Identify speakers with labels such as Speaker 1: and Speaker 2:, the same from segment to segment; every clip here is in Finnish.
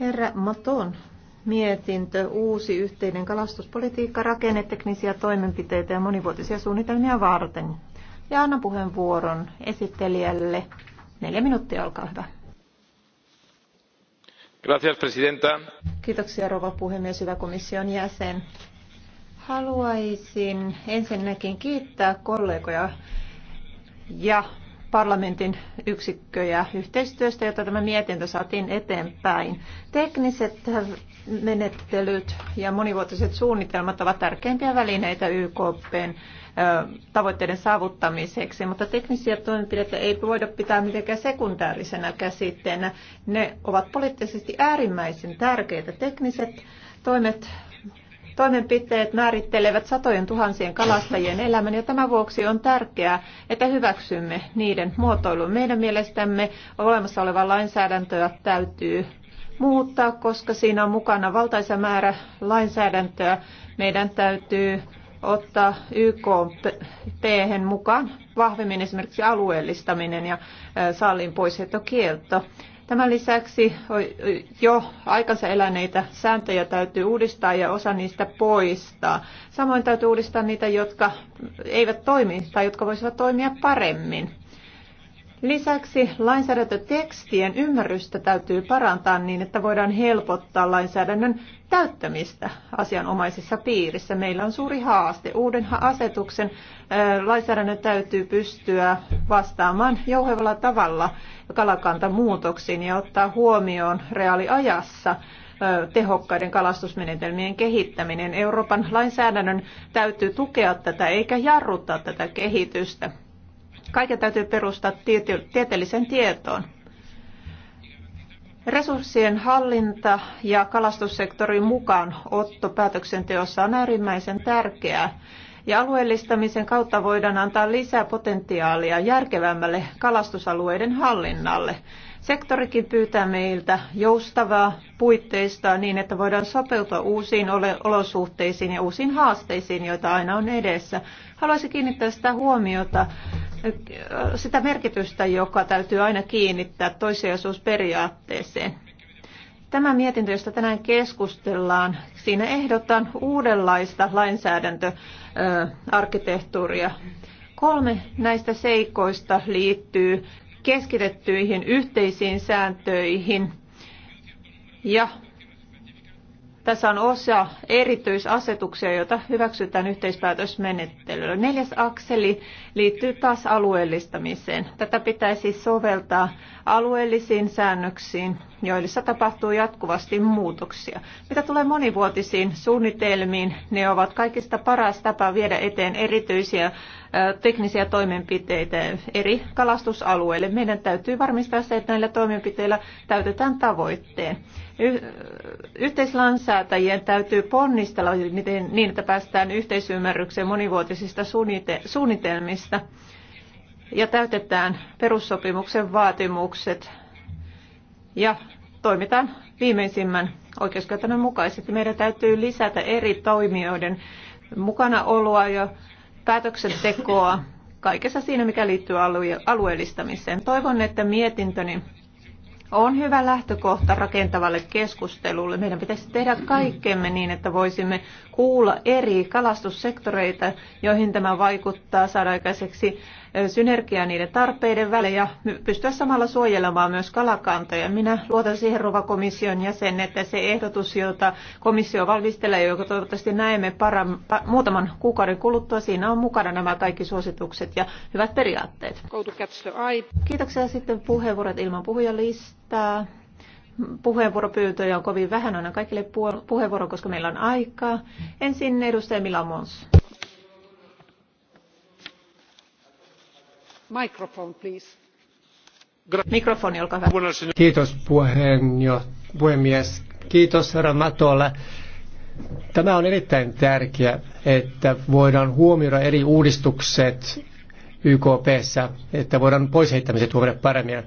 Speaker 1: Herra Maton mietintö, uusi yhteinen kalastuspolitiikka, rakenneteknisiä toimenpiteitä ja monivuotisia suunnitelmia varten. Ja annan puheenvuoron esittelijälle. Neljä minuuttia, olkaa hyvä. Gracias, presidenta. Kiitoksia, rouva puhemies, hyvä komission jäsen. Haluaisin ensinnäkin kiittää kollegoja ja parlamentin yksikköjä yhteistyöstä, jota tämä mietintö saatiin eteenpäin. Tekniset menettelyt ja monivuotiset suunnitelmat ovat tärkeimpiä välineitä YKPn tavoitteiden saavuttamiseksi, mutta teknisiä toimenpiteitä ei voida pitää mitenkään sekundäärisenä käsitteenä. Ne ovat poliittisesti äärimmäisen tärkeitä. Tekniset toimet Toimenpiteet määrittelevät satojen tuhansien kalastajien elämän ja tämän vuoksi on tärkeää, että hyväksymme niiden muotoilun. Meidän mielestämme olemassa olevaa lainsäädäntöä täytyy muuttaa, koska siinä on mukana valtaisa määrä lainsäädäntöä. Meidän täytyy ottaa YK mukaan vahvemmin esimerkiksi alueellistaminen ja sallin poisheittokielto. Tämän lisäksi jo aikansa eläneitä sääntöjä täytyy uudistaa ja osa niistä poistaa. Samoin täytyy uudistaa niitä, jotka eivät toimi tai jotka voisivat toimia paremmin. Lisäksi lainsäädäntötekstien ymmärrystä täytyy parantaa niin, että voidaan helpottaa lainsäädännön täyttämistä asianomaisissa piirissä. Meillä on suuri haaste. Uuden asetuksen lainsäädännön täytyy pystyä vastaamaan jouhevalla tavalla kalakantamuutoksiin ja ottaa huomioon reaaliajassa tehokkaiden kalastusmenetelmien kehittäminen. Euroopan lainsäädännön täytyy tukea tätä eikä jarruttaa tätä kehitystä. Kaiken täytyy perustaa tiete- tieteelliseen tietoon. Resurssien hallinta ja kalastussektorin mukaan otto päätöksenteossa on äärimmäisen tärkeää ja alueellistamisen kautta voidaan antaa lisää potentiaalia järkevämmälle kalastusalueiden hallinnalle. Sektorikin pyytää meiltä joustavaa puitteista niin, että voidaan sopeutua uusiin olosuhteisiin ja uusiin haasteisiin, joita aina on edessä. Haluaisin kiinnittää sitä huomiota sitä merkitystä, joka täytyy aina kiinnittää toisiosuusperiaatteeseen. Tämä mietintö, josta tänään keskustellaan, siinä ehdotan uudenlaista lainsäädäntöarkkitehtuuria. Kolme näistä seikoista liittyy keskitettyihin yhteisiin sääntöihin ja tässä on osa erityisasetuksia, joita hyväksytään yhteispäätösmenettelyllä. Neljäs akseli liittyy taas alueellistamiseen. Tätä pitäisi soveltaa alueellisiin säännöksiin, joissa tapahtuu jatkuvasti muutoksia. Mitä tulee monivuotisiin suunnitelmiin, ne ovat kaikista paras tapa viedä eteen erityisiä teknisiä toimenpiteitä eri kalastusalueille. Meidän täytyy varmistaa se, että näillä toimenpiteillä täytetään tavoitteen. Y- yhteislainsäätäjien täytyy ponnistella miten, niin, että päästään yhteisymmärrykseen monivuotisista suunnitelmista hyväksymistä ja täytetään perussopimuksen vaatimukset ja toimitaan viimeisimmän oikeuskäytännön mukaisesti. Meidän täytyy lisätä eri toimijoiden mukanaoloa ja päätöksentekoa kaikessa siinä, mikä liittyy alueellistamiseen. Toivon, että mietintöni on hyvä lähtökohta rakentavalle keskustelulle. Meidän pitäisi tehdä kaikkemme niin, että voisimme kuulla eri kalastussektoreita, joihin tämä vaikuttaa, saada aikaiseksi synergiaa niiden tarpeiden välillä ja pystyä samalla suojelemaan myös kalakantoja. Minä luotan siihen ruokakomission jäsen, että se ehdotus, jota komissio valmistelee, joka toivottavasti näemme param, pa, muutaman kuukauden kuluttua, siinä on mukana nämä kaikki suositukset ja hyvät periaatteet. Kiitoksia sitten puheenvuorot ilman puhujalistaa puheenvuoropyyntöjä on kovin vähän aina kaikille puheenvuoro, koska meillä on aikaa. Ensin edustaja Mila Mons.
Speaker 2: Kiitos puhemies. Kiitos herra Matolle. Tämä on erittäin tärkeää, että voidaan huomioida eri uudistukset YKPssä, että voidaan poisheittämiset huomioida paremmin.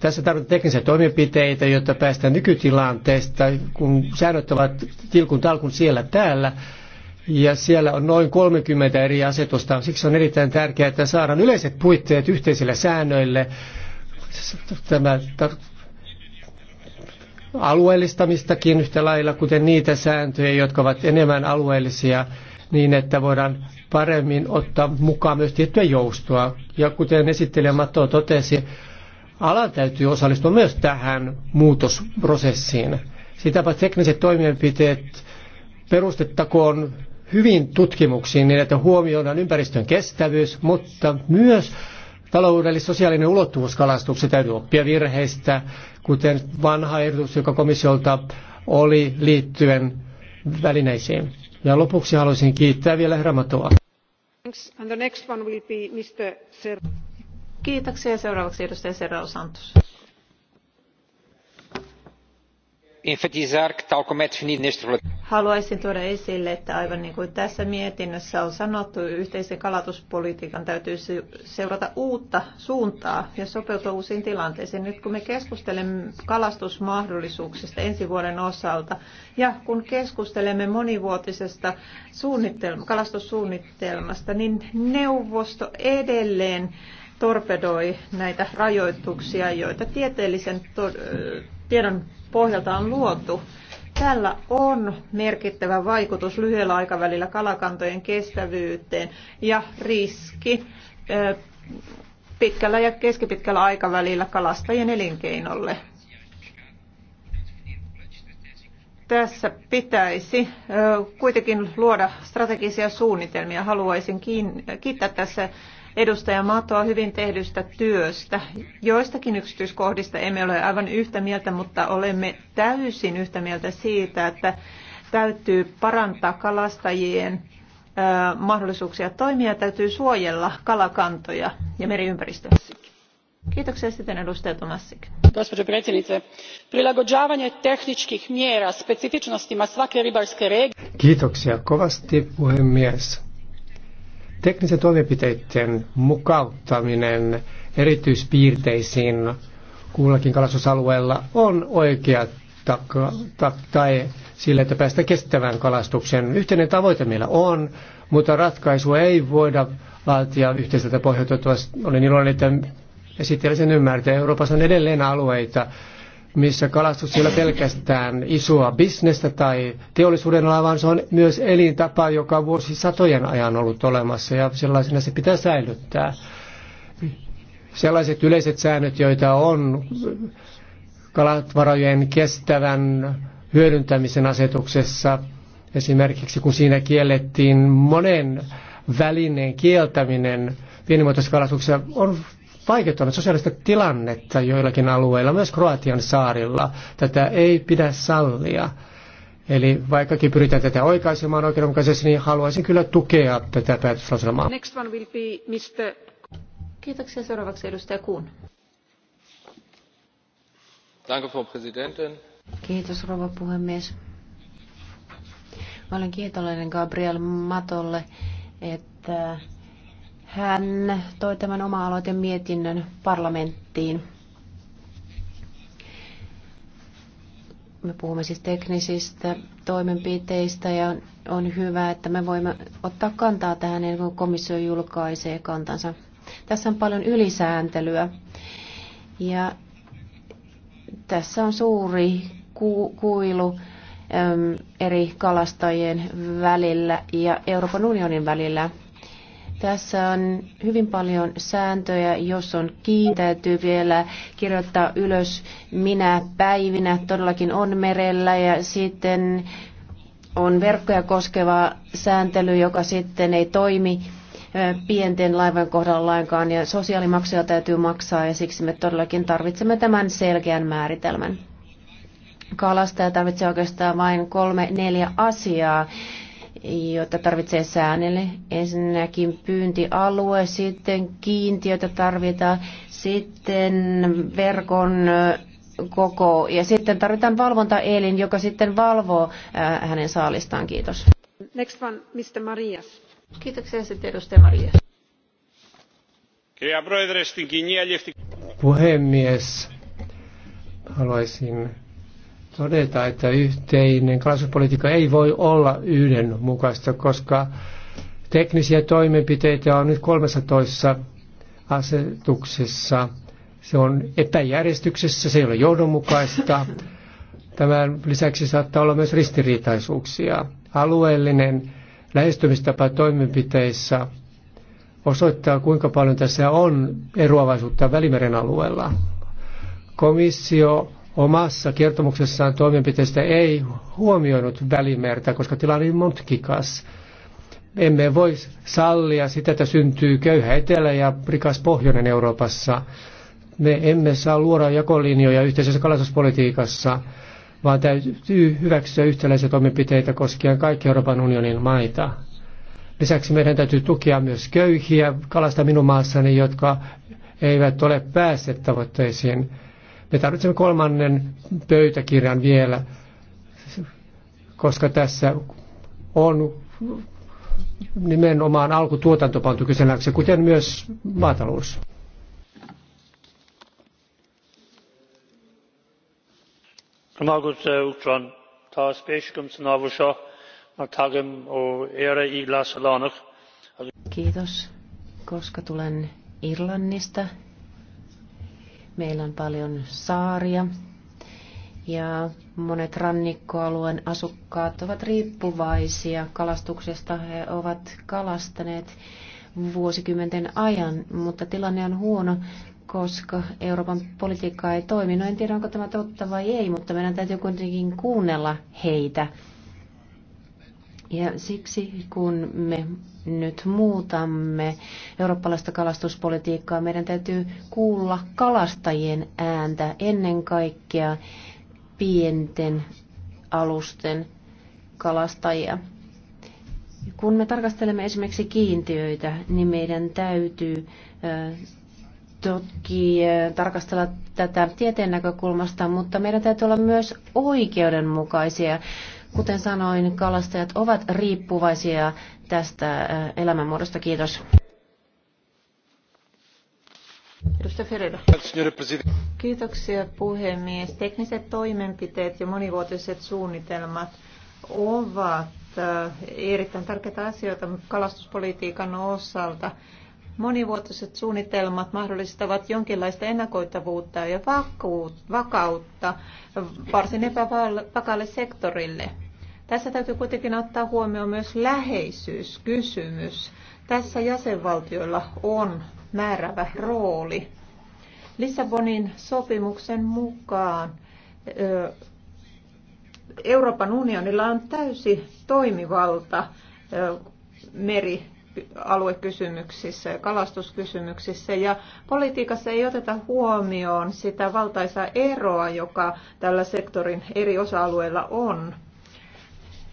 Speaker 2: Tässä tarvitaan teknisiä toimenpiteitä, jotta päästään nykytilanteesta, kun säännöt ovat tilkun talkun siellä täällä, ja siellä on noin 30 eri asetusta. Siksi on erittäin tärkeää, että saadaan yleiset puitteet yhteisille säännöille. Tämä alueellistamistakin yhtä lailla, kuten niitä sääntöjä, jotka ovat enemmän alueellisia, niin että voidaan paremmin ottaa mukaan myös tiettyä joustoa. Ja kuten esittelijä Matto totesi, alan täytyy osallistua myös tähän muutosprosessiin. Sitäpä tekniset toimenpiteet perustettakoon hyvin tutkimuksiin niin, että huomioidaan ympäristön kestävyys, mutta myös taloudellis sosiaalinen ulottuvuus kalastuksen täytyy oppia virheistä, kuten vanha ehdotus, joka komissiolta oli liittyen välineisiin. Ja lopuksi haluaisin kiittää vielä herra Matoa.
Speaker 1: Kiitoksia. Seuraavaksi edustaja Serrao Santos Haluaisin tuoda esille, että aivan niin kuin tässä mietinnössä on sanottu, yhteisen kalastuspolitiikan täytyy seurata uutta suuntaa ja sopeutua uusiin tilanteisiin. Nyt kun me keskustelemme kalastusmahdollisuuksista ensi vuoden osalta ja kun keskustelemme monivuotisesta suunnitelma, kalastussuunnitelmasta, niin neuvosto edelleen torpedoi näitä rajoituksia, joita tieteellisen tiedon pohjalta on luotu. Tällä on merkittävä vaikutus lyhyellä aikavälillä kalakantojen kestävyyteen ja riski pitkällä ja keskipitkällä aikavälillä kalastajien elinkeinolle. Tässä pitäisi kuitenkin luoda strategisia suunnitelmia. Haluaisin kiittää tässä edustaja Matoa hyvin tehdystä työstä. Joistakin yksityiskohdista emme ole aivan yhtä mieltä, mutta olemme täysin yhtä mieltä siitä, että täytyy parantaa kalastajien mahdollisuuksia toimia täytyy suojella kalakantoja ja meriympäristöä. Kiitoksia sitten edustaja Tomassik. Gospođo predsjednice, prilagođavanje tehničkih mjera specifičnostima svake ribarske regije.
Speaker 2: Kiitoksia kovasti puhemies. Teknisen toimenpiteiden mukauttaminen erityispiirteisiin kullakin kalastusalueella on oikea tai sille, että päästä kestävään kalastukseen. Yhteinen tavoite meillä on, mutta ratkaisua ei voida laatia yhteiseltä pohjautua. Olen iloinen, että esittelen sen ymmärtää. Euroopassa on edelleen alueita, missä kalastus ei ole pelkästään isoa bisnestä tai teollisuuden ala, vaan se on myös elintapa, joka vuosisatojen ajan ollut olemassa ja sellaisena se pitää säilyttää. Sellaiset yleiset säännöt, joita on kalatvarojen kestävän hyödyntämisen asetuksessa, esimerkiksi kun siinä kiellettiin monen välineen kieltäminen pienimuotoisessa kalastuksessa, on vaikeuttanut sosiaalista tilannetta joillakin alueilla, myös Kroatian saarilla. Tätä ei pidä sallia. Eli vaikkakin pyritään tätä oikaisemaan oikeudenmukaisesti, niin haluaisin kyllä tukea tätä päätöslauselmaa.
Speaker 1: Next one will be Mr.
Speaker 3: Kiitoksia. Seuraavaksi edustaja Kuun. Danke, Frau Präsidentin. Kiitos, rouva puhemies. Mä olen kiitollinen Gabriel Matolle, että hän toi tämän oma-aloitemietinnön parlamenttiin. Me puhumme siis teknisistä toimenpiteistä ja on hyvä, että me voimme ottaa kantaa tähän ennen kun komissio julkaisee kantansa. Tässä on paljon ylisääntelyä ja tässä on suuri kuilu eri kalastajien välillä ja Euroopan unionin välillä. Tässä on hyvin paljon sääntöjä, jos on kiintäytyy vielä kirjoittaa ylös minä päivinä, todellakin on merellä ja sitten on verkkoja koskeva sääntely, joka sitten ei toimi pienten laivojen kohdalla lainkaan ja sosiaalimaksuja täytyy maksaa ja siksi me todellakin tarvitsemme tämän selkeän määritelmän. Kalastaja tarvitsee oikeastaan vain kolme, neljä asiaa jota tarvitsee säännellä. Ensinnäkin pyyntialue, sitten kiintiötä tarvitaan, sitten verkon koko ja sitten tarvitaan valvontaelin, joka sitten valvoo hänen saalistaan. Kiitos.
Speaker 1: Next one, Mr. Marias. Kiitoksia sitten edustaja Marias.
Speaker 2: Puhemies, haluaisin todeta, että yhteinen kalastuspolitiikka ei voi olla yhdenmukaista, koska teknisiä toimenpiteitä on nyt 13 asetuksessa. Se on epäjärjestyksessä, se ei ole johdonmukaista. Tämän lisäksi saattaa olla myös ristiriitaisuuksia. Alueellinen lähestymistapa toimenpiteissä osoittaa, kuinka paljon tässä on eroavaisuutta Välimeren alueella. Komissio omassa kertomuksessaan toimenpiteistä ei huomioinut välimertä, koska tilanne oli mutkikas. Emme voi sallia sitä, että syntyy köyhä etelä ja rikas pohjoinen Euroopassa. Me emme saa luoda jakolinjoja yhteisessä kalastuspolitiikassa, vaan täytyy hyväksyä yhtäläisiä toimenpiteitä koskien kaikki Euroopan unionin maita. Lisäksi meidän täytyy tukea myös köyhiä kalasta minun maassani, jotka eivät ole päässeet tavoitteisiin me tarvitsemme kolmannen pöytäkirjan vielä, koska tässä on nimenomaan alkutuotanto pantu kyseenalaiseksi, kuten myös maatalous.
Speaker 3: Kiitos, koska tulen Irlannista, Meillä on paljon saaria ja monet rannikkoalueen asukkaat ovat riippuvaisia kalastuksesta. He ovat kalastaneet vuosikymmenten ajan, mutta tilanne on huono, koska Euroopan politiikka ei toimi. No en tiedä, onko tämä totta vai ei, mutta meidän täytyy kuitenkin kuunnella heitä. Ja siksi, kun me nyt muutamme eurooppalaista kalastuspolitiikkaa, meidän täytyy kuulla kalastajien ääntä ennen kaikkea pienten alusten kalastajia. Kun me tarkastelemme esimerkiksi kiintiöitä, niin meidän täytyy toki tarkastella tätä tieteen näkökulmasta, mutta meidän täytyy olla myös oikeudenmukaisia. Kuten sanoin, kalastajat ovat riippuvaisia tästä äh, elämänmuodosta. Kiitos.
Speaker 1: Kiitoksia puhemies. Tekniset toimenpiteet ja monivuotiset suunnitelmat ovat äh, erittäin tärkeitä asioita kalastuspolitiikan osalta. Monivuotiset suunnitelmat mahdollistavat jonkinlaista ennakoitavuutta ja vakautta varsin epävakaalle sektorille. Tässä täytyy kuitenkin ottaa huomioon myös läheisyyskysymys. Tässä jäsenvaltioilla on määrävä rooli. Lissabonin sopimuksen mukaan Euroopan unionilla on täysi toimivalta meri- aluekysymyksissä ja kalastuskysymyksissä. Ja politiikassa ei oteta huomioon sitä valtaisaa eroa, joka tällä sektorin eri osa-alueilla on.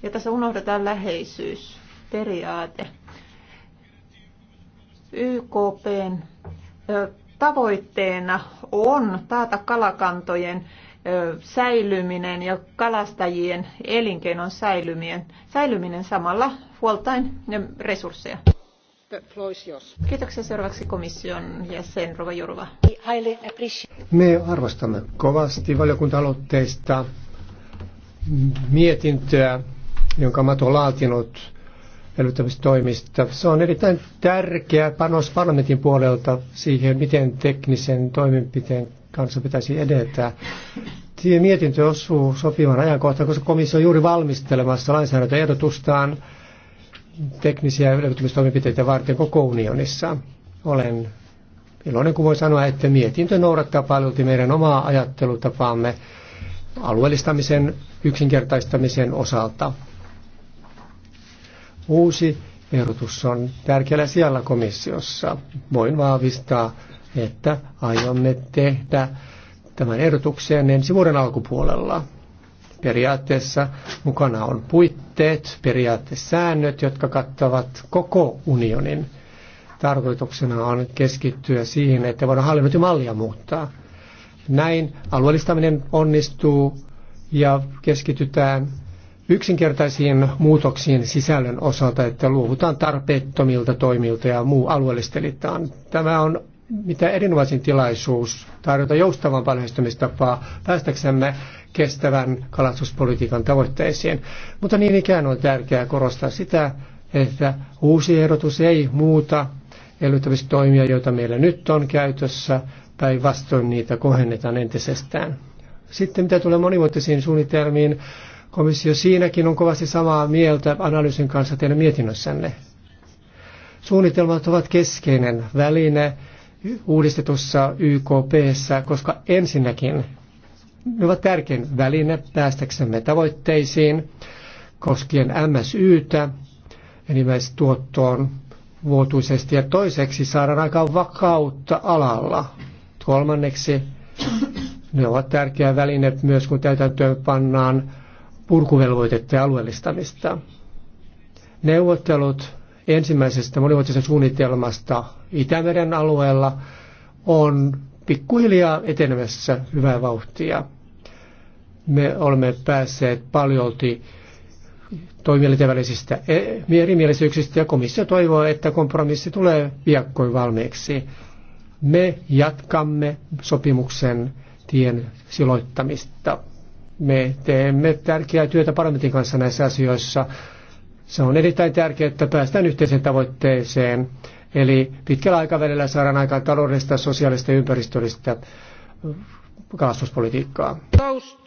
Speaker 1: Ja tässä unohdetaan läheisyysperiaate. YKPn tavoitteena on taata kalakantojen säilyminen ja kalastajien elinkeinon säilyminen, säilyminen samalla huoltain resursseja. Kiitoksia seuraavaksi komission jäsen Rova Jurva.
Speaker 2: Me arvostamme kovasti valiokunta-aloitteista mietintöä, jonka Mato on laatinut elvyttämistoimista. Se on erittäin tärkeä panos parlamentin puolelta siihen, miten teknisen toimenpiteen kanssa pitäisi edetä. Mietintö osuu sopivan ajankohtaan, koska komissio on juuri valmistelemassa lainsäädäntöehdotustaan ehdotustaan teknisiä elvytystoimenpiteitä varten koko unionissa. Olen iloinen, kun voi sanoa, että mietintö noudattaa paljon meidän omaa ajattelutapaamme alueellistamisen yksinkertaistamisen osalta. Uusi ehdotus on tärkeällä siellä komissiossa. Voin vahvistaa, että aiomme tehdä tämän ehdotuksen ensi vuoden alkupuolella. Periaatteessa mukana on puitteet, periaatesäännöt, jotka kattavat koko unionin. Tarkoituksena on keskittyä siihen, että voidaan hallinnointimallia muuttaa. Näin alueellistaminen onnistuu ja keskitytään yksinkertaisiin muutoksiin sisällön osalta, että luovutaan tarpeettomilta toimilta ja muu alueellistelitaan. Tämä on mitä erinomaisin tilaisuus tarjota joustavampaa lähestymistapaa päästäksemme kestävän kalastuspolitiikan tavoitteisiin. Mutta niin ikään on tärkeää korostaa sitä, että uusi ehdotus ei muuta toimia, joita meillä nyt on käytössä, tai vastoin niitä kohennetaan entisestään. Sitten mitä tulee monivuotisiin suunnitelmiin, komissio siinäkin on kovasti samaa mieltä analyysin kanssa teidän mietinnössänne. Suunnitelmat ovat keskeinen väline, uudistetussa YKPssä, koska ensinnäkin ne ovat tärkein väline päästäksemme tavoitteisiin koskien MSYtä, enimmäistuottoon vuotuisesti ja toiseksi saadaan aikaan vakautta alalla. Kolmanneksi ne ovat tärkeä väline myös kun täytäntöön pannaan purkuvelvoitetta ja alueellistamista. Neuvottelut ensimmäisestä monivuotisen suunnitelmasta Itämeren alueella on pikkuhiljaa etenemässä hyvää vauhtia. Me olemme päässeet paljolti toimielinten välisistä erimielisyyksistä ja komissio toivoo, että kompromissi tulee piakkoin valmiiksi. Me jatkamme sopimuksen tien siloittamista. Me teemme tärkeää työtä parlamentin kanssa näissä asioissa se on erittäin tärkeää, että päästään yhteiseen tavoitteeseen, eli pitkällä aikavälillä saadaan aikaan taloudellista, sosiaalista ja ympäristöllistä kalastuspolitiikkaa. Toast.